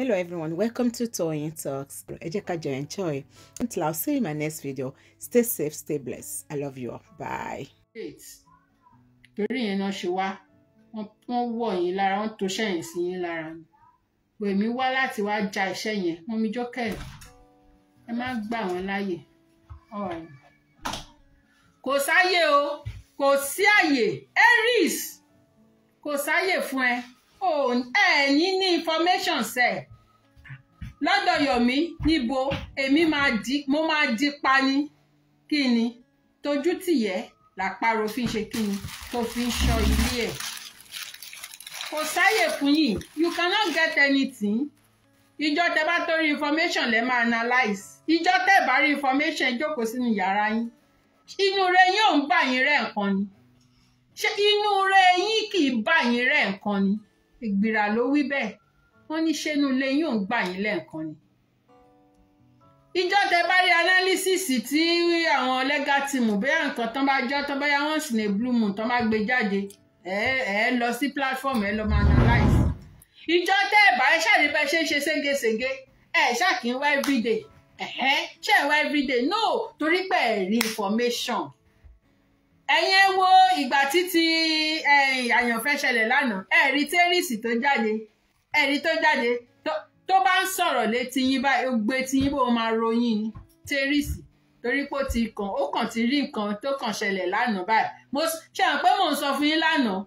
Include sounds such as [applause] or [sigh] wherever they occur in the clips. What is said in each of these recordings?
hello everyone welcome to Toyeen Talks ẹ jẹ́ ká enjoy until i'll see you in my next video stay safe stay blessed i love you all bye. torí yẹn náà ṣe wá wọ́n wọ̀ yín lára wọ́n tó sẹ́yìn sí yín lára ni pé mi wá láti wá ja iṣẹ́ yẹn wọ́n mi jókè ẹ má gbà wọ́n láàyè kò sáyè o kò sí àyè aries kò sáyè fún ẹ ẹ̀yin ní information sẹ̀ lọ́dọ̀ Yomi níbo èmi máa di mo máa di pani, ni kí ni tójú tìyẹ́ làparò fi ń ṣe kí ni tó fi ń ṣọ́ ilé ẹ̀ kò sáyè fún yìí you cannot get anything ìjọ tẹ bá tó rí information lẹ máa analyse ìjọ tẹ bá rí information jókòó sínú yàrá yín inú rẹ yín ò ń bà yín rẹ nǹkan ni ṣé inú rẹ yín kì í bà yín rẹ nǹkan ni ìgbìrà ló wí bẹ́ẹ̀ wọ́n ní ṣẹ́nu ilé yóò ń gbà yín lẹ́ẹ̀kan ni. ìjọ tẹ bá rí analysisi tí àwọn lẹ́gà tìmù bẹ́ẹ̀ nǹkan tán bá jọ́ tán bá yá wọ́n sì ní blue moon tán bá gbé jáde ẹ ẹ lọ sí platform ẹ lọ máa analyse. ìjọ tẹ ẹ bá ẹ ṣàrí bẹ ṣe ń ṣe ségesège ẹ ṣàkín wá everyday ẹ ṣe wá everyday no torí pé rí information ẹ̀yin wo ìgbà títí eh, àyànfẹ́ ṣẹlẹ̀ lánàá ẹ̀rí tẹ́rìsì tó jáde ẹ̀rí tó jáde tó bá ń sọ̀rọ̀ létí yín báyìí ó gbé tí yín bó máa ròyìn ni tẹ́rìsì torí pé ó ti kàn ó kàn ti rí nǹkan tó kàn ṣẹlẹ̀ lánàá báyìí mo ṣe hàn pé mò ń sọ fún yín lánàá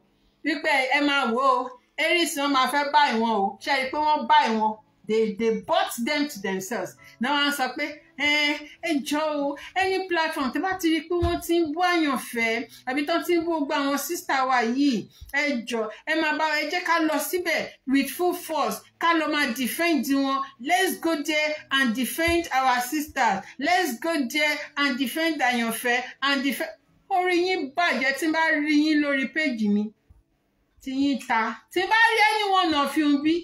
wípé ẹ máa wò ó eréṣin máa fẹ́ báyìí wọn o ṣe é pé wọ́n báyìí wọn they they bought them to themselves náà wọ́n á sọ pé eh, ẹ jọ o any platform tó bá ti rí i pé wọ́n ti ń bú àyànfẹ́ àbí tó ti ń bú gbogbo àwọn sísá wa yìí ẹ jọ ẹ máa bá ẹ jẹ́ ká lọ síbẹ̀ with full force ká lọ máa defend wọn let's go there and defend our sisters let's go there and defend àyànfẹ́ and defend orí yín bàjẹ́ tí n bá rí yín lórí péjì mi tí yín ta tí n bá rí ẹni wọn nà bí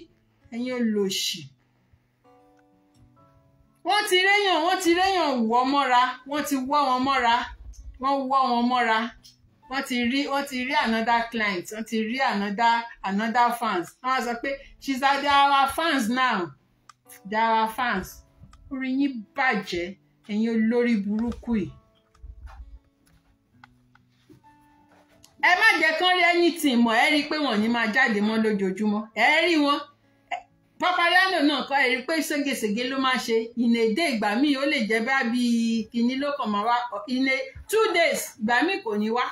ẹ̀yin olóṣì wọ́n ti réyàn wọ́n ti réyàn wọ́ mọ́ra wọ́n ti wọ́ wọn mọ́ra wọ́n wọ́ wọn mọ́ra wọ́n ti rí wọ́n ti rí another client wọ́n ti rí another another fans wọ́n á sọ pé she's a they are fans now they are fans orí yín bàjẹ́ ẹ̀yin olórí burúkú yìí. ẹ má jẹ́ kán rí anything mọ́ ẹ rí i pé wọ́n ní máa jáde mọ́ lójoojúmọ́ ẹ rí wọn propaganda náà kọ́ ẹ̀rí pé ségesège ló máa ṣe ìnèdè ìgbà míì ó lè jẹ́ bá bí kinní ló kàn máa wá ìnè two days ìgbà míì kò ní wá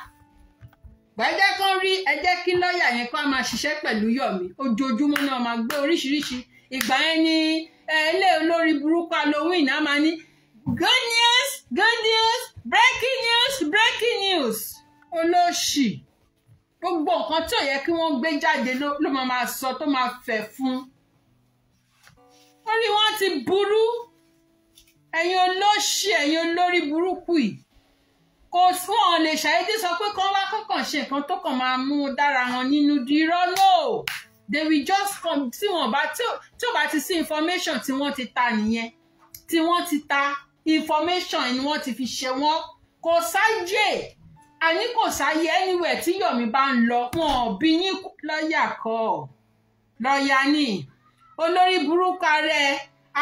gbẹ́jẹ́ kan rí ẹjẹ́ kí lọ́ọ̀yà yẹn kó a máa ṣiṣẹ́ pẹ̀lú yọ̀mí ojoojúmọ́ náà máa gbé oríṣiríṣi ìgbà yẹn ni ilé olórí burúkú halloween náà máa ní good news good news breaking news breaking news olóṣì gbogbo nǹkan tí ò yẹ kí wọ́n gbé jáde ló máa sọ tó máa fẹ̀ fún un orí wọn ti burú ẹ̀yin olóṣì ẹ̀yin olórí burúkú yìí kò fún ọ lè ṣàyédé sọ pé kán wá kọkàn ṣe nǹkan tó kàn máa mú un dára wọn nínú dirọ́ náà they will just come tí wọn bá tí ò bá ti sí information tí wọ́n ti ta nìyẹn tí wọ́n ti ta information ni wọ́n ti fi ṣe wọ́n kò sáyè àní kò sáyè anywhere tí Yomi bá ń lọ wọn ò bí yín lọ́ọ̀yà kọ́ lọ́ọ̀yà ni. olórí burúkú ààrẹ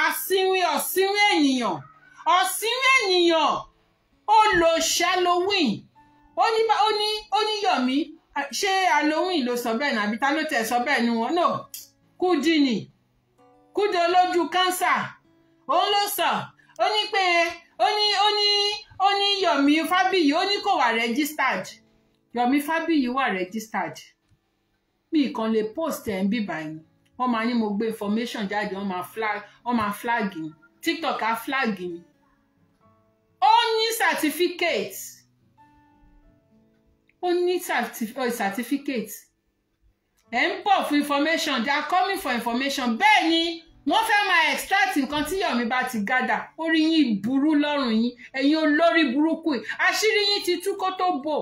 àsínwín ọ̀sínwín ènìyàn ọ̀sínwín ènìyàn ó lo halloween ó ní ó ní ó ní yọ̀mí ṣé halloween ló sọ bẹ́ẹ̀ nàbí ta ló tẹ̀ sọ bẹ́ẹ̀ nu wọn no kudini ni kúdí olójú kánsà òun ló sọ ó ní pé ó ní ó ní ó ní yọ̀mí fábíyì ó ní kò wà registered yọ̀mí fábíyì wà registered mi kàn lè post ẹ̀ ń bíbá yín wọ́n máa ní mo gbé information jáde wọ́n máa flag wọ́n máa flag mi tiktok á flag mi ó ní certificate ó ní certificate ẹ̀ ń bọ̀ fún information they are coming for information bẹ́ẹ̀ ni wọ́n fẹ́ máa extract nǹkan tí Yomi bá ti gádà orí yín burú lọ́rùn yín ẹ̀yin olórí burúkú yìí àṣírí yín ti tú kó tó bò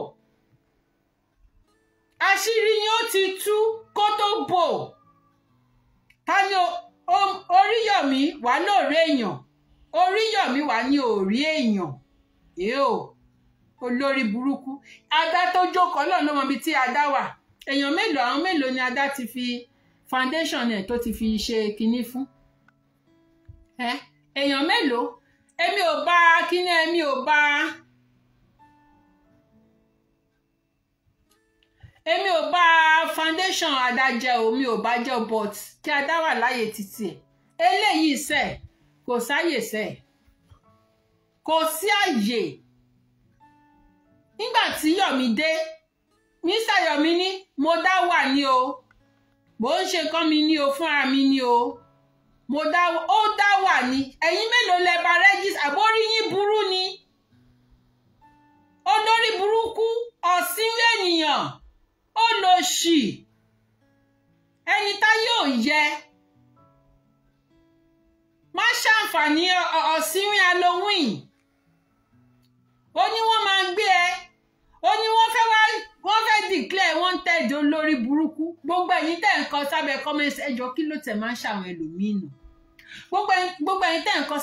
àṣírí yín ó ti tú kó tó bò ta ni Oríyọ̀mí wà lóore èèyàn Oríyọ̀mí wà ní òrí èèyàn yóò olórí burúkú adá tó jókòó Ọlọ́run ló mọ ibi tí adá wà èèyàn mélòó àwọn mélòó ni adá ti fi foundation ẹ̀ tó ti fi ṣe kinní fún èèyàn mélòó èmi ò bá kíní mi ò bá. èmi ò bá foundation adájẹ́ o mi ò bá jẹ́ but kí adá wà láyè títì eléyìí sẹ̀ kò sáyè sẹ̀ kò sí àyè nígbà tí Yọ̀mí dé mísà Yọ̀mí ní mo dá wà ní o bó ń ṣe kán mi ní o fúnra mi ní o mo dá ó dá wà ní ẹ̀yin mélòó lẹ bá rẹ́gísì àbórí yín burú ni olórí burúkú ọ̀sìn lẹ́nìyàn olòṣì ẹni tá yóò yẹ má ṣàǹfààní ọ̀sìnwìn halloween ó ní wọ́n máa ń gbé ẹ ó ní wọ́n fẹ́ wọ́n fẹ́ declare wọ́n tẹ̀dọ̀ lórí burúkú gbogbo ẹ̀yin tẹ̀ ń kọ sábẹ́ comment ẹjọ́ kí ló tẹ̀ máa ń ṣàwọn ẹlòmíì nù gbogbo ẹ̀yin tẹ̀ ń kọ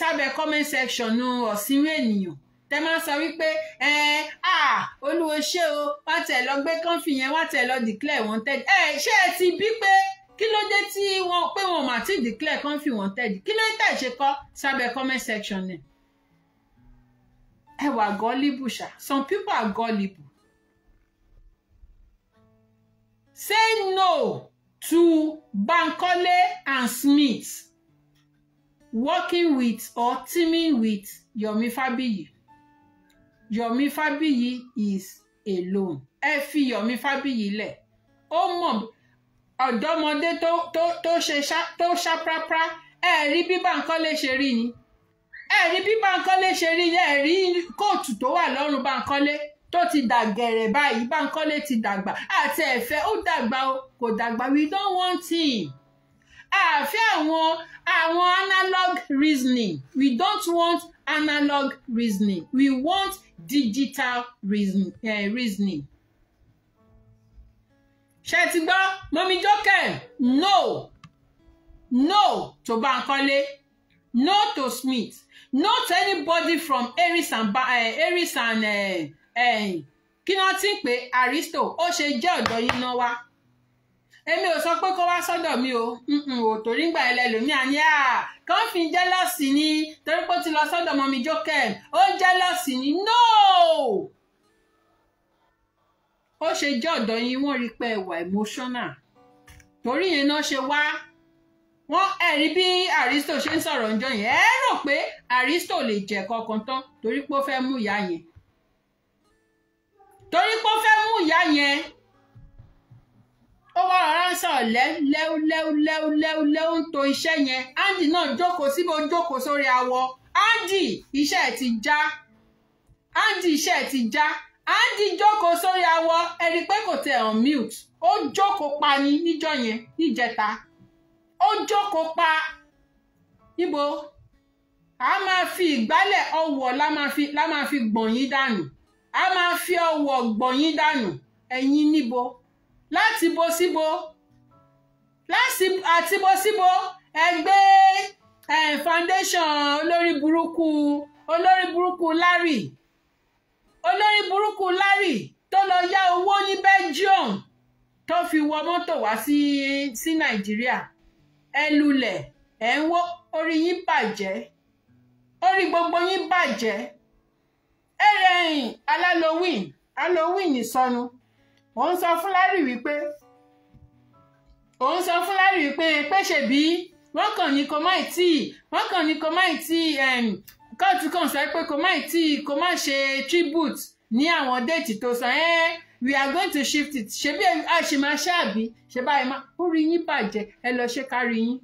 sábẹ́ comment section ọ̀sìnwìn ènìyàn tẹ máa sọ wípé ẹ à olúwo ṣé o wá tẹ̀ lọ gbé kọ́ńfì yẹn wá tẹ̀ lọ declare wanted ẹ ṣé ẹ ti bí pé kí ló dé tí wọ́n pé wọn mà ti declare kọ́ńfì wanted kí ló dé tẹ̀ ṣe kọ́ sábẹ́ comment section ni ẹ wà gọ́líbù ṣá some people are gọ́líbù say no to Bankole and Smith working with or teaming with Yomi Fabiyi Yomi Fabiyi is alone ẹ fi Yomi Fabiyi lẹ̀ ó mọ̀ ọ̀dọ́mọdé tó tó tó ṣe ṣá tó prapra. ẹ rí bí Bankole ṣe rí ni ẹ rí bí Bankole ṣe rí ni ẹ rí kóòtù tó wà lọ́rùn Bankole tó ti dàgẹ̀rẹ̀ báyìí Bankole ti dàgbà àti ẹ̀fẹ́ ó dàgbà o kò dàgbà we don't want him àfi àwọn àwọn analog reasoning we don't want analog reasoning. We want digital reason, uh, reasoning. ṣé ti gbọ́ mọ́mí jókè no no to Bankole no to Smith no to anybody from Aries and, uh, eh, Aries and uh, uh, kí wọ́n ti ń pè Aristo ó ṣe jẹ́ ọ̀dọ́ yín náà wá èmi ò sọ pé kó wá sọ́dọ̀ mi o ò torí ń gbà àá kàn fi jẹ́lọ́sì ni torí pé ó ti lọ sọ́dọ̀ mọ́mí jókèm ó ń jẹ́lọ́sì ni no ó ṣe jẹ́ ọ̀dọ̀ yín wọ́n rí pé ẹwà emotional torí yẹn náà ṣe wá wọ́n ẹ̀rí bí aristo ṣe ń sọ̀rọ̀ ǹjọ́ yẹn ẹ rò pé aristo lè jẹ́ kankan tán torí pé ó fẹ́ mú ìyá yẹn torí pé ó fẹ́ mú ìyá yẹn ó wá ránṣọ lẹ́wú lẹ́wú lẹ́wú lẹ́wú lẹ́wú tó iṣẹ́ yẹn andy náà jókòó síbi ó jókòó sórí awọ andy iṣẹ́ ẹ̀ ti já andy iṣẹ́ ẹ̀ ti já andy jókòó sórí awọ ẹni pé kò tẹ̀ on mute ó jókòó pa ni níjọ́ yẹn níjẹta ó jókòó pa níbo a máa fi ìgbálẹ̀ ọwọ́ la máa fi la máa fi gbọ̀n yín dànù a máa fi ọwọ́ gbọ̀n dànù ẹ̀yin níbo láti bo síbo láti àti bo síbo ẹgbẹ́ eh, foundation olórí burúkú olórí burúkú Larry olórí burúkú Larry tó lọ yá owó ní Belgium tó fi wọ mọ́tò wá sí sí Nàìjíríà ẹ lulẹ̀ ẹ ń wó orí yín bàjẹ́ orí gbogbo yín bàjẹ́ ẹrẹ̀yìn alálowìn alowìn ìsọnu òun sọ fún Larry wípé òun sọ fún Larry wípé pé ṣèbí wọ́n kàn ní kò má tí wọ́n kàn ní kò má tí kóòtù kàn sọ pé kò má tí kò má ṣe tribute ní àwọn déètì tó sọ ẹ́ we are going to shift it ṣebí a ṣe máa ṣe àbí ṣe báyìí má ó rí yín bàjẹ́ ẹ lọ ṣe kárí yín.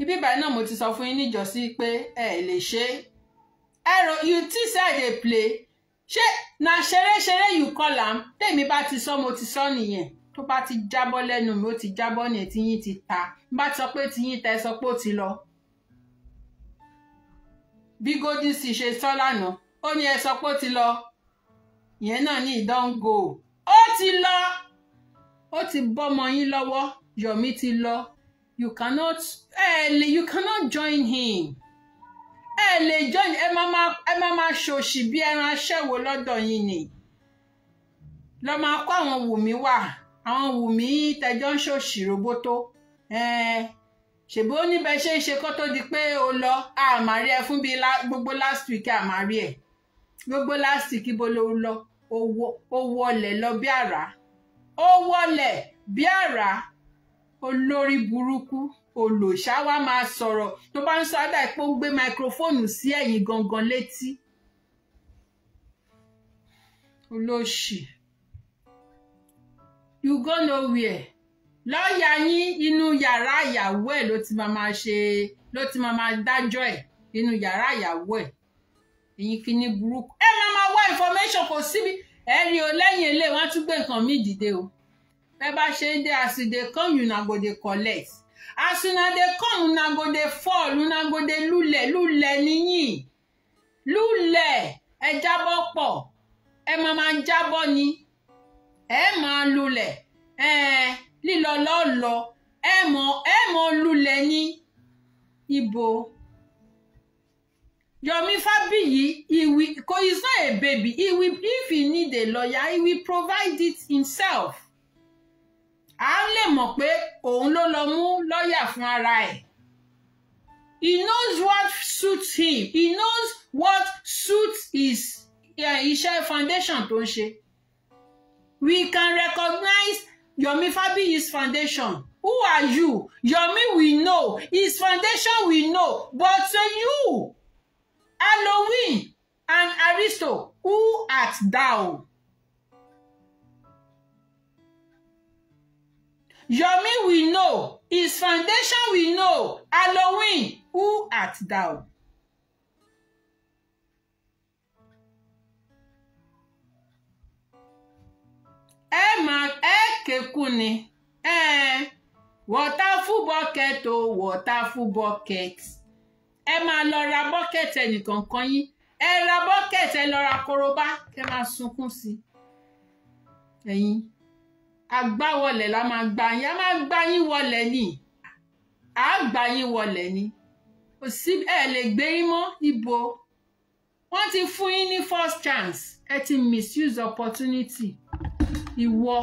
ibi ìbàdàn náà mo ti sọ fún yín níjọ́sí pé ẹ lè ṣe é ẹ̀rọ you think say i dey play ṣé na ṣeréṣeré yìí call am tèmi bá ti sọ mo ti sọ nìyẹn tó bá ti jábọ́ lẹ́nu mi ó ti jábọ́ ní tiyín ti ta bá ti sọ pé tiyín ta ẹ sọ pé ó ti lọ. bí golden sì ṣe sọ lánàá ó ní ẹ sọ pé ó ti lọ ìyẹn náà ní ìdánwò ó ti lọ ó ti bọ́mọ yín lọ́wọ́ Yomi ti lọ you cannot eh, you cannot join him ẹ lè join ẹ má máa ẹ má máa ṣòṣì bí ẹran aṣẹ́wó lọ́dọ̀ yín ni lọ máa kó àwọn wùmí wà àwọn wùmí tẹjọ́ ń ṣòṣì roboto ṣèbí ó níbẹ̀ ṣe é ṣe kó tó di pé o lọ àmàrí ẹ fún bíi gbogbo last week àmàrí ẹ gbogbo last week ibo ló lọ ó wọlẹ̀ lọ bí àrá ó wọlẹ̀ bí àrá olórí burúkú olòṣà wa máa sọ̀rọ̀ tó bá ń sọ ádá ẹ̀ pé ó ń gbé máikrófóònù sí ẹ̀yìn gangan létí olóṣì you go nowhere lọ́ọ̀yà yín inú yàrá ìyàwó ẹ̀ ló ti máa ṣe ló ti máa dájọ́ ẹ̀ inú yàrá ìyàwó ẹ̀ èyí kíní burúkú ẹ máa máa wá information kò síbi ẹ rí o lẹ́yìn ilé wọn á tún gbé nǹkan míì dìde o ẹ bá ṣe ń dé àsìdè come una go dey collect as una dey come una go dey fall una go dey lulẹ̀ lulẹ̀ níyìn lulẹ̀ ẹ jábọ́ pọ̀ ẹ máa máa jábọ́ ni ẹ máa lulẹ̀ ẹ lílọ lọ́ọ̀lọ́ ẹ mọ̀ ẹ mọ̀ lulẹ̀ ni ibo Yomi Fabiyi he will cause he's not a baby he will if he need a lawyer he will provide it himself a lè mọ̀ pé òun ló lọ mú lọ́ọ̀yà fún ara ẹ̀. He knows what suits him. He knows what suits his eh, iṣẹ́ foundation tó ń ṣe. We can recognize Yomi Fabiyi's foundation. Who are you? Yomi we know. His foundation we know. But uh, you, Halloween and Aristo, who art thou? Yomi we know, his foundation we know, Halloween, who art thou? ẹ mà eh kéku ni ẹ waterful bucket o waterful bucket ẹ máa lọ ra bucket ẹnìkankan yín ẹ ra bucket ẹ Eh ra korobá kẹ máa sunkún sí ẹyin agbáwọlẹ̀ la máa gbà yín a máa gbà yín wọlẹ̀ ni a gbà yín wọlẹ̀ ni kò sí ẹ lè gbé yín mọ́ níbo wọ́n ti fún yín ní first chance ẹ ti misuse opportunity ìwọ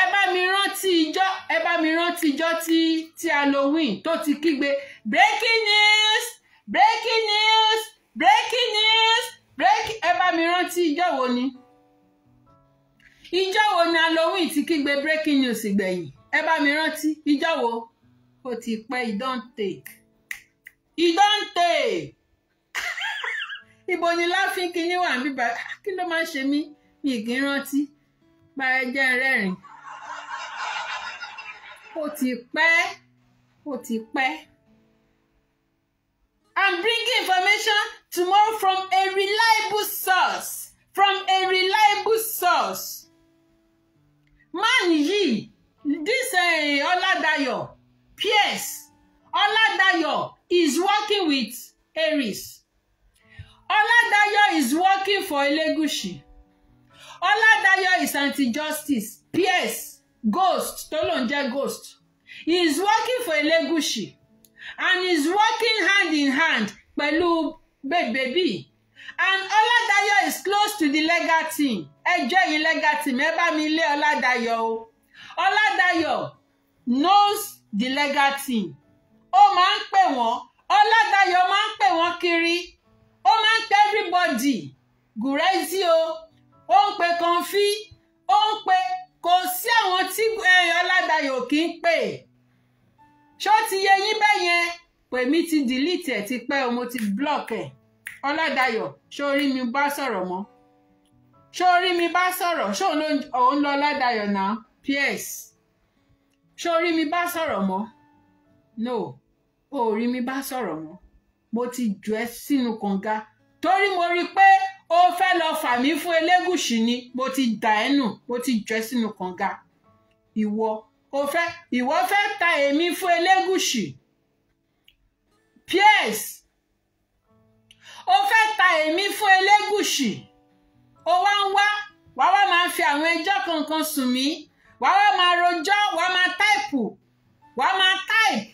ẹ bá mi rántí ijọ́ ẹ bá mi rántí ijọ́ tí tí halloween tó ti kígbe breaking news breaking news breaking news break ẹ bá mi rántí ijọ́ wo ni ìjọ́ wo ni halloween ti kígbe breaking news gbẹ̀yìn ẹ bá mi rántí ìjọ́ wo ó ti pẹ́ e don take e don take [laughs] ibo ni láfin kinní wà ń bíbá ah, kí ló máa ń ṣe mí mi kì í rántí pa ẹjẹ rẹ́rìn ó ti pẹ́ ó ti pẹ́. I'm bringing information tomorrow from a reliable source from a reliable source man yìí this uh, Oladayo, Pierce Oladayo is working with Aries Oladayo is working for Elegushi Oladayo is anti-justice Pierce ghost tó ghost he is working for Elegushi and he is working hand in hand pẹ̀lú bèbè bíi and Ọládayọ̀ is close to the legal team ẹjọ́ yìí legal team ẹ bá mi lé Ọládayọ̀ o Ọládayọ̀ knows the legal team ó máa ń pè wọ́n Ọládayọ̀ máa ń pè wọ́n kiri ó máa ń pè everybody gùrẹ́sì o ó ń pe kọfí ó ń pe kò sí àwọn tí Ọládayọ̀ kì í pè ṣó ti yẹ yín bẹ́yẹn pèmí ti delete ẹ̀ ti pẹ́ o mo ti block ẹ̀. Eh ọládàyọ̀ ṣó rí mi bá sọ̀rọ̀ mọ́ ṣó rí mi bá sọ̀rọ̀ ṣó òun lọ ọládàyọ̀ náà Pierce, ṣó rí mi bá sọ̀rọ̀ mọ́ no ò rí mi bá sọ̀rọ̀ mọ́ mo ti jù ẹ́ sínú kànga torí mo rí i pé ó fẹ́ lọ fà mí fún elégùṣì ni mo ti dà ẹ́ nù mo ti jù ẹ́ sínú kànga ìwọ ó fẹ́ ìwọ fẹ́ ta èmi fún elégùṣì pierce o fẹ́ ta èmi fún Elégùṣì o wá ń wá wá wá máa fi àwọn ẹjọ́ kankan sùn mí wá wá máa rojọ́ wá máa táìpù wá máa táìpù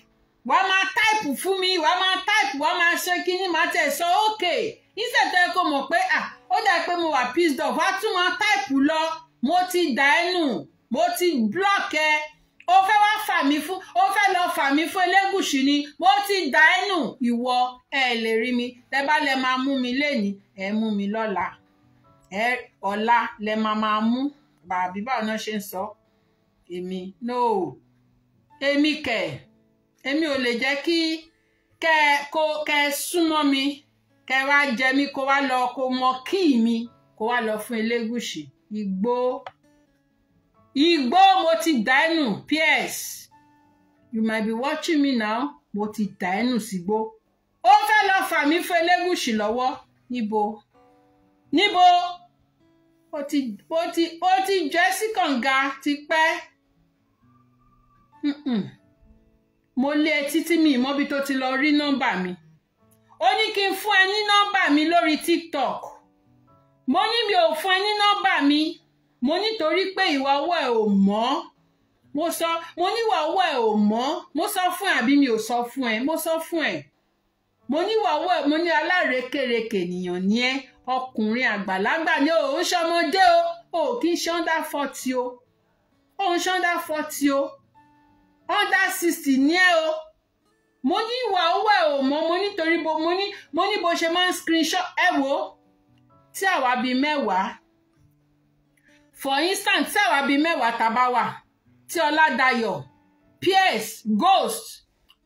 wá máa táìpù fún mi wá máa táìpù wá máa ṣe kíní máa tẹ̀ sọ ókè nísètò ẹ kò mọ̀ pé à ó dà pé mo wà pissed off wá tún máa táìpù lọ mo ti dà ẹ́ nù mo ti block ẹ o fẹ́ wá fà mí fún o fẹ́ lọ fà mí fún Elégùṣì ni mo ti dà ẹ́ nù ìwọ ẹ lè rí mi tẹ bá lẹ máa mú mi lénìí ẹ mú mi lọ́la ẹ ọ̀la lẹ máa máa mú bàbí báwo náà ṣe ń sọ èmi no èmi kẹ èmi ò lè jẹ́ kí kẹ kó kẹ súnmọ́ mi kẹ wá jẹ mí kó wá lọ kó mọ kí mi kó wá lọ fún Elégùṣì igbó igbó moti dainu, dà Pierce you might be watching me now moti dainu. dà ẹ́ nù sígbó ó fẹ́ lọ fà mí fún Elégùṣì lọ́wọ́ níbo níbo ó ti ó ti ó ti jẹ́ sí kànga tipẹ́ mo lé e títí mi ìmọ́bi tó ti lọ rí nọ́mbà mi ó ní kí n fún ẹ ní nọ́mbà mi lórí TikTok mo ní mi ò fún ẹ ní nọ́mbà mi mo nítorí pé ìwà ọwọ́ ẹ̀ ò mọ́ mo sọ mo níwà ọwọ́ ẹ̀ ò mọ́ mo sọ fún ẹ àbí mi ò sọ fún ẹ mo sọ fún ẹ mo níwà ọwọ́ ẹ̀ mo ní alárekereke ènìyàn ni ẹ ọkùnrin àgbàlagbà ni ò ń ṣọmọdé o ò kí ń ṣe under forty o ò ṣe under forty o under sixty ni ẹ o mo ní ìwà owó ẹ ò mọ mo nítorí bo mo ní mo ní bó ṣe máa ń screenshot ẹ wò ó tí àwa bíi mẹ́wàá for instance sẹ́wàá bíi mẹ́wàá tàbá wà tí ọládàyọ̀ pierce ghost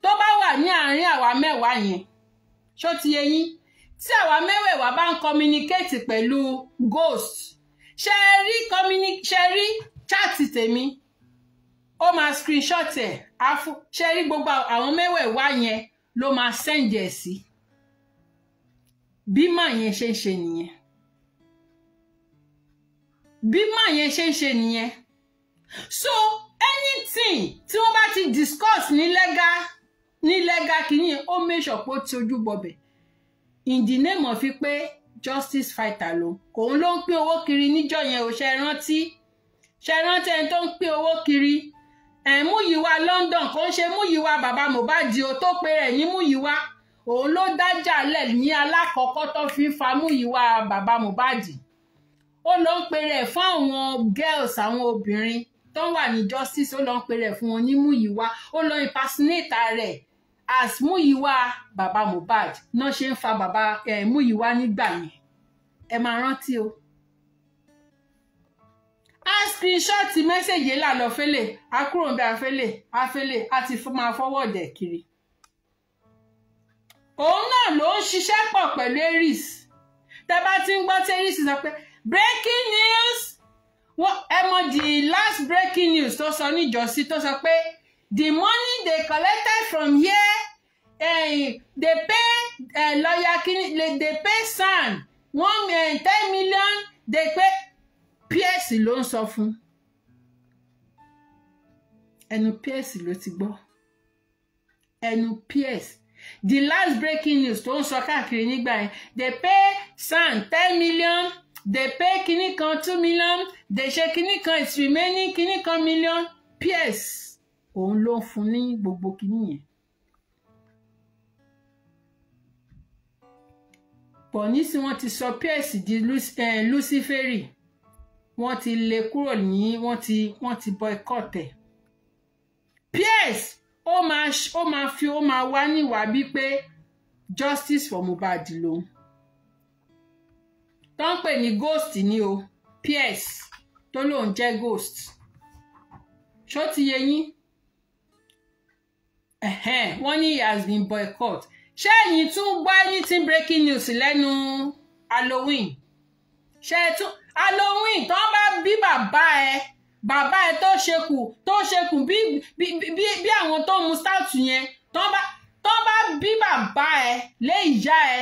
tó bá wà ní àárín àwa mẹ́wàá yẹn ṣó ti yé yín tí àwa mẹ́wẹ̀ẹ̀wá bá ń communicate pẹ̀lú ghost ṣe rí ṣe rí chaati tèmi ó máa screenshot ẹ̀ ṣe rí gbogbo àwọn mẹ́wẹ̀ẹ̀wá yẹn ló máa send ẹ̀ sí bí màá yẹn ṣe ń ṣe nìyẹn bí má yẹn ṣe ń ṣe nìyẹn so anything tí wọ́n bá ti discuss ní legal ní legal kìíní ó make pé ó ti ojú bọbẹ̀ in the name of pé justice fighter ló òun ló ń pín owó kiri níjọ́ yẹn ò ṣe rántí ṣe rántí ẹni tó ń pín owó kiri ẹ̀ Múyìwá London kò ń ṣe Múyìwá bàbá Mohbad o tó pe rẹ̀ ní Múyìwá òun ló dájà lẹ̀ ní alákọ̀ọ́kọ́ tó fi fa Múyìwá bàbá Mohbad ó lọ ń pèrè ẹ̀ fún àwọn girls àwọn obìnrin tó wà ní justice ó lọ ń pèrè ẹ̀ fún wọn ní Múyìwá ó lọ impersonate rẹ̀ as Múyìwá bàbá Mohbad náà ṣe ń fa bàbá eh, Múyìwá nígbà yẹn ẹ máa rántí o a screenshot mẹ́sẹ̀gì là lọ fẹ́lẹ̀ a kúrò ń bẹ afẹ́lẹ̀ afẹ́lẹ̀ a ti máa fọwọ́ dẹ̀ kiri. òun náà ló ń ṣiṣẹ́ pọ̀ pẹ̀lú Aries tẹ́ bá ti ń gbọ́ tí Aries sọ pé breaking news ẹ mọ the last breaking news tó sọ níjọ́sí tó sọ pé the money they collected from here eh, they pay eh, lawyer kini they pay san one eh, ten million they pay pierce ló ń sọ fún ẹnu pierce ló ti gbọ́ ẹnu pierce the last breaking news tó ń sọ káàkiri nígbà yẹn they pay san ten million they pay kinní kan two million they ṣe kinní kan it's remaining kinní kan million PS òun ló ń fún ní gbogbo kinní yẹn. pọ̀ nísì wọ́n ti sọ PS di eh, Luciferi wọ́n ti lé kúrò ní wọ́n ti wọ́n ti boycott ẹ̀. PS ó máa ó máa fi ó máa wá níwàá bíi pé justice for Mohbad lòun tó ń pè ní ghost ni o pierce tó lóun jẹ́ ghost ṣó ti yé yín wọ́n ní he has been boycott ṣé ẹ̀yin tún gbọ́ anything breaking news lẹ́nu halloween ṣé ẹ tún halloween tó ń bá bí bàbá ẹ bàbá ẹ tó ṣekù tó ṣekù bí bí bí àwọn tó mu start yẹn tó bá tó bá bí bàbá ẹ lé ìyá ẹ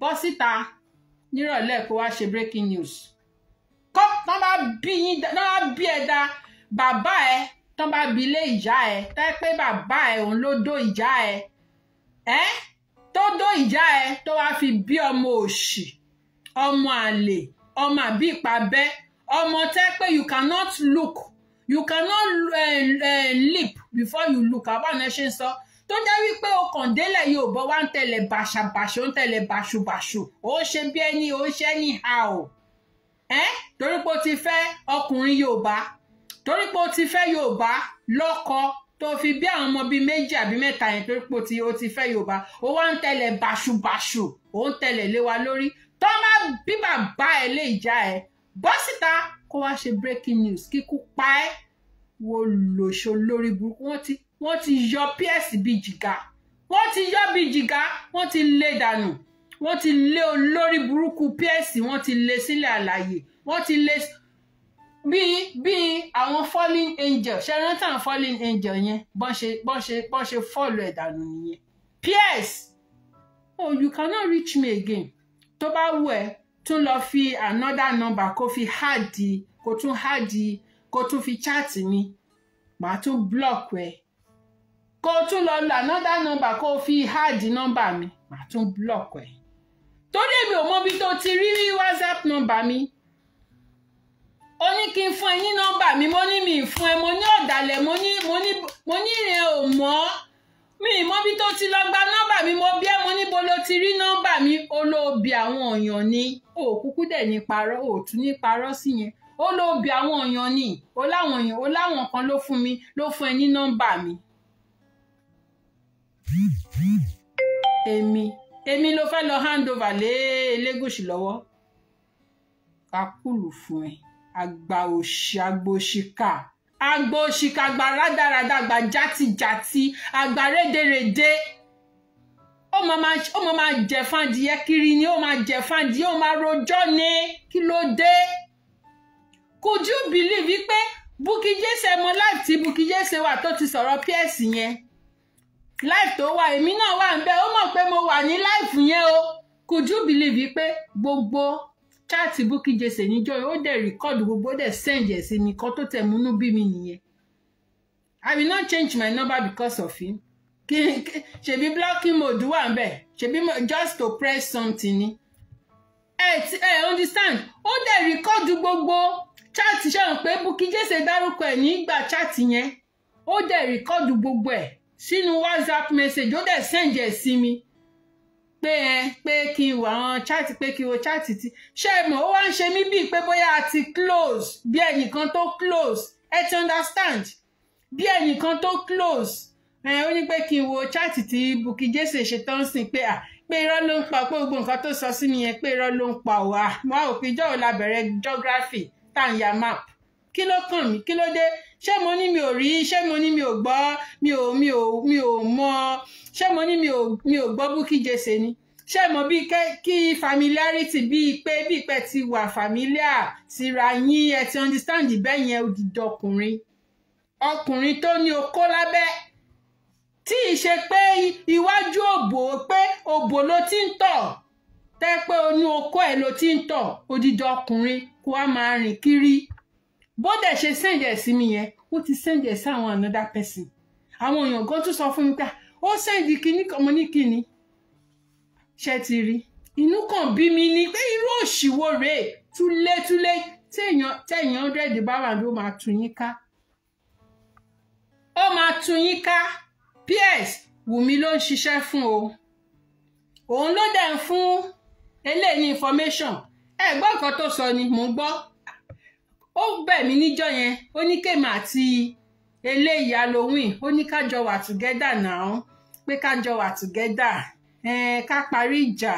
bọ́ síta nírọ̀lẹ́ kó wá ṣe breaking news kọ́ tán bá bí yín tán bá bí ẹ da bàbá ẹ tán bá bí ilé ìyá ẹ tá ẹ pé bàbá ẹ òun ló dó ìyá ẹ ẹ tó dó ìyá ẹ tó wá fi bí ọmọ òṣì ọmọ àlè ọmọ àbí ìpàbẹ ọmọ tẹ pé you cannot look you cannot uh, uh, leap before you look àbáwọn ẹ ṣe ń sọ. So tó jẹ́ wípé o kàn délẹ̀ Yorùbá wá ń tẹ̀lé bàṣàbàṣù ń tẹ̀lé bàṣubàṣu ó ṣe bí ẹni ó ṣe ní ha o ẹ́ torí pé o ti fẹ́ ọkùnrin Yorùbá torí pé o ti fẹ́ Yorùbá lọ́kọ tó fi bí àwọn ọmọ bíi méjì àbí mẹ́ta yẹn torí pé o ti fẹ́ Yorùbá o wá ń tẹ̀lé bàṣubàṣu ó ń tẹ̀lé lé wa lórí tó má bí ẹ lè já ẹ bọ́ síta kó wá ṣe breaking news kíkú pa ẹ́ wo lòṣo lórí burúkú wọ́n ti wọ́n ti yọ pierce bíi jìgá wọ́n ti yọ bíi jìgá wọ́n ti lé dànù wọ́n ti lé olórí burúkú pierce wọ́n ti lé sílẹ̀ àlàyé wọ́n ti lé bí bí àwọn falling angel ṣe rántí àwọn falling angel yẹn bọ́n ṣe bọ́n ṣe bọ́n ṣe fọ́ọ̀lù ẹ̀ nìyẹn pierce oh you cannot reach me again tó bá wù ẹ́ tún lọ fi another number kó fi háàdì kó tún háàdì kó tún fi chaati mi màá tún block ẹ kó o tún lọ lo another number kó o fi hard number mi màá tún block ẹ̀ torí èmi ò mọ ibi tó ti rí whatsapp number mi ó ní kí n fún ẹ ní nọ́mbà mi mo ní mi fún ẹ mo ní ọ̀dàlẹ̀ mo ní mo ní mo ní ìrìn ò mọ́ mi ì mọ́bí tó ti lọ gba nọ́mbà mi mo bí ẹ mo níbo ló ti rí nọ́mbà mi olóòbí àwọn èèyàn ni ó kúkú dẹ̀ ní parọ́ ó tún ní parọ́ sí yẹn olóòbí àwọn èèyàn ni ó láwọn èèyàn ó láwọn kan ló fún mi ló fún ẹ ní mi èmi èmi ló fẹ́ lọ hand over lé Elégùṣì lọ́wọ́ kakulu fún ẹ àgbà òṣì agbóṣìkà àgbà òṣìkà agba rádaràda àgbà játijàti àgbà rédèrèdè ó máa máa jẹ fàdìyẹ kiri ni ó máa jẹ fàdìyẹ ó máa rojọ́ ni kí ló dé could you believe pé Bukky Jesse mọ láti Bukky Jesse wà tó ti sọ̀rọ̀ PS yẹn life tó wà èmi náà wà ń bẹ ó mọ̀ pé mo wà ní life yẹn o could you believe pé gbogbo chaati Bukky Jesse níjọ́ ó dẹ̀ record gbogbo ó send ẹ̀ sí mi kan tó tẹ̀ múnú bí mi nìyẹn I will not change my number because of him ṣebí blocking mode wà ń bẹ just to press something ni ẹ ẹ understand ó gbogbo chaati sínú whatsapp message ó dẹ̀ send ẹ̀ sí mi pé ẹ pé kí n wà àwọn chat pé kí n wo chat ti ṣe mọ̀ ó wá ń ṣe mí bíi pé bóyá a ti close bí ẹnìkan tó close ẹ ti understand bí ẹnìkan tó close ẹ ó ní pé kí n wo chat ti Bukky Jesse ṣe tán sìn pé à pé irọ́ ló ń pa pé gbogbo nǹkan tó sọ sí mi yẹn pé irọ́ ló ń pa wá wá òpin jọ́ọ̀ la bẹ̀rẹ̀ geography tá à ya map kí ló kàn mí kí ló dé ṣé mo ní mi ò rí ṣé mo ní mi ò gbọ́ mi ò mi ò mi ò mọ̀ ṣé mo ní mi ò mi ò gbọ́ Bukky Jesse ni ṣé mo bí kí familiarity bíi pé bíi pé ti wà familiar síra yín ẹ ti understand bẹ́ẹ̀ yẹn odidi ọkùnrin ọkùnrin tó ní okó lábẹ́ tí ì ṣe pé iwájú òbò pé òbò ló ti ń tọ̀ tẹ́ pé onú okó ẹ̀ ló ti ń tọ̀ odidi ọkùnrin kó a máa rìn kiri bó dẹ̀ ṣe send ẹ̀ sí mi yẹn ó ti send ẹ̀ sí àwọn another person àwọn èèyàn gan tún sọ fún mi pé ó send kíní ọmọ ní kíní ṣe ti rí inú kan bí mi ni pé irú òṣìwò rèé túlétúlé téèyàn téèyàn hundred bá wà ló máa tún yín ká ó máa tún yín ká ps Wùmí ló ń ṣiṣẹ́ fún o òun ló dẹ̀ ń fún eléyìí information ẹ gbọ́ nǹkan tó sọ ni mò ń gbọ́ ó bẹ̀ mí níjọ́ yẹn ó ní àti eléyìí halloween ó ní kájọ wà together now pé kájọ wà together ká parí ìjà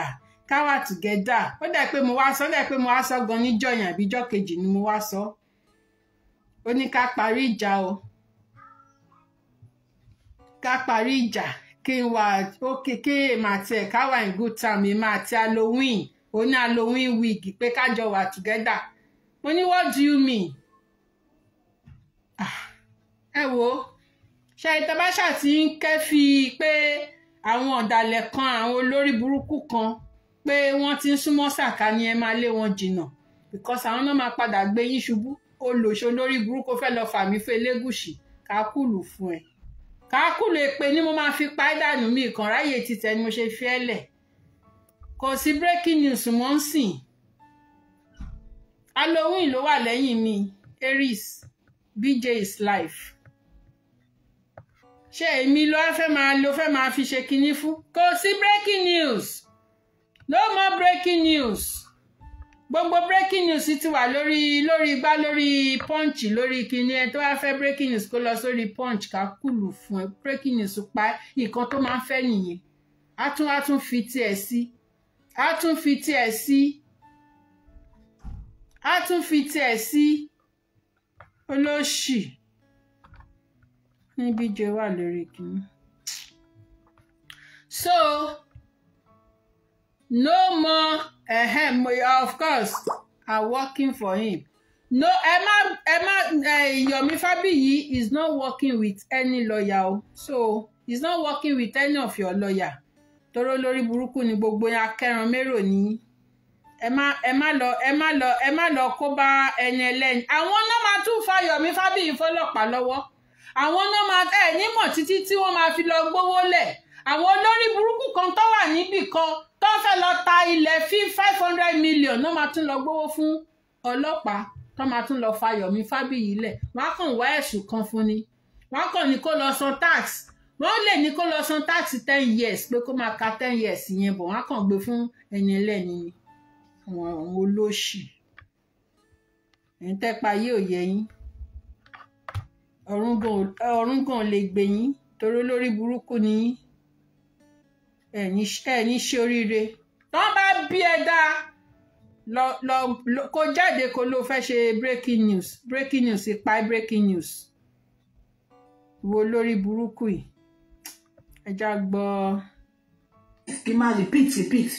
ká wà together ó dẹ̀ pé mo wá sọ ó pé mo wá sọ gan níjọ́ yẹn àbíjọ́ kejì ni mo wá sọ ó ní ká ìjà o ká ìjà kí n wà ó kékeré ká wà good time èmi àti pé wà mo ní what do you mean ah, ẹ wo ṣe ìtàbáṣà ti ń kẹ́fì pé àwọn ọ̀dàlẹ̀ kan àwọn olórí burúkú kan pé wọ́n ti ń súnmọ́ sàkà ni ẹ máa lé wọn jìnnà because àwọn náà máa padà gbé yín ṣubú olòṣò lórí burúkú fẹ́ lọ fàmí fún elégùsì kákùlù fún ẹ kákùlù èpè ni mo máa fi pa ẹ́ dànù mí ìkànráyè títẹ ni mo ṣe fi ẹ́ lẹ̀ kò sí breaking news mo ń sìn halloween ló wà lẹ́yìn mi aries bj is life ṣé èmi ló fẹ́ máa lo fẹ́ máa fi ṣe kinní fún kò sí breaking news no more breaking news gbogbo breaking news ti wà lórí lórí igbá lórí punch lórí kinní ẹ tó wá fẹ́ breaking news kó lọ sórí punch ká kùlù fún ẹ breaking news pa nǹkan tó máa ń fẹ́ nìyẹn a tún a tún fi tiẹ̀ sí a tún fi tiẹ̀ sí. Si á tún fi tiẹ̀ sí olóṣì níbi jẹ wà lórí kìíní. so no more Ahem, of course are working for him no Emma, Emma, ẹ má Yomi Fabiyi is not working with any lawyer o so he's not working with any of your lawyer toro Lori Buruku ni gbogbo ya akẹ́ran mérò ní ẹ má ẹ má lọ ẹ má lọ ẹ má lọ kó bá ẹyin ẹlẹ́yin àwọn náà máa tún fa Yọ̀mí Fábíyì fọlọ́pàá lọ́wọ́ àwọn náà máa ẹ nímọ̀ títí tí wọ́n máa fi lọ gbówó lẹ̀ àwọn olórí burúkú kan tó wà níbì kan tó fẹ́ lọ ta ilẹ̀ fí five hundred million náà máa tún lọ gbówó fún ọlọ́pàá tó máa tún lọ fa Yọ̀mí Fábíyì lẹ̀ wọ́n á kàn wá ẹ̀sùn kan fún ni wọ́n kàn ní kó lọ san tax wọ́n lè ní kó lọ san tax ten years pé kó máa ka ten years yẹn bọ̀ wọ́n á kàn gbé fún ẹyin ẹlẹ́yin ni àwọn àwọn olóṣì ẹ̀yin tẹ́pa ayé òye yín ọ̀run gan lè gbè yín torí olórí burúkú ni yín ẹ̀yin ṣe oríire wọ́n bá bí ẹ dáa lọ lọ kó jáde kó ló fẹ́ ṣe breaking news breaking news ipa breaking news wo lórí burúkú yìí ẹja gbọ́. kí n máa repeat repeat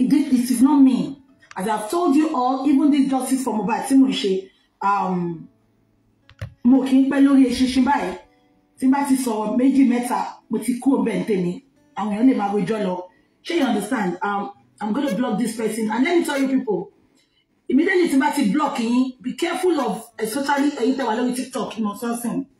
it, it is not me as I've told you all even this justice for Mohbad tí mò ń ṣe um, mo kì í pẹ́ lórí eṣinṣin báyìí tí n bá ti sọ̀rọ̀ méjì mẹ́ta mo ti kúrò bẹ́ẹ̀ tèmi àwọn èèyàn lè máa rojọ́ lọ ṣé you understand um, I'm gonna block this person and let me tell you people immediately tí n bá ti block yín be careful of especially ẹ̀yin tẹ́ wà lórí TikTok ìmọ̀ sọ́sìn.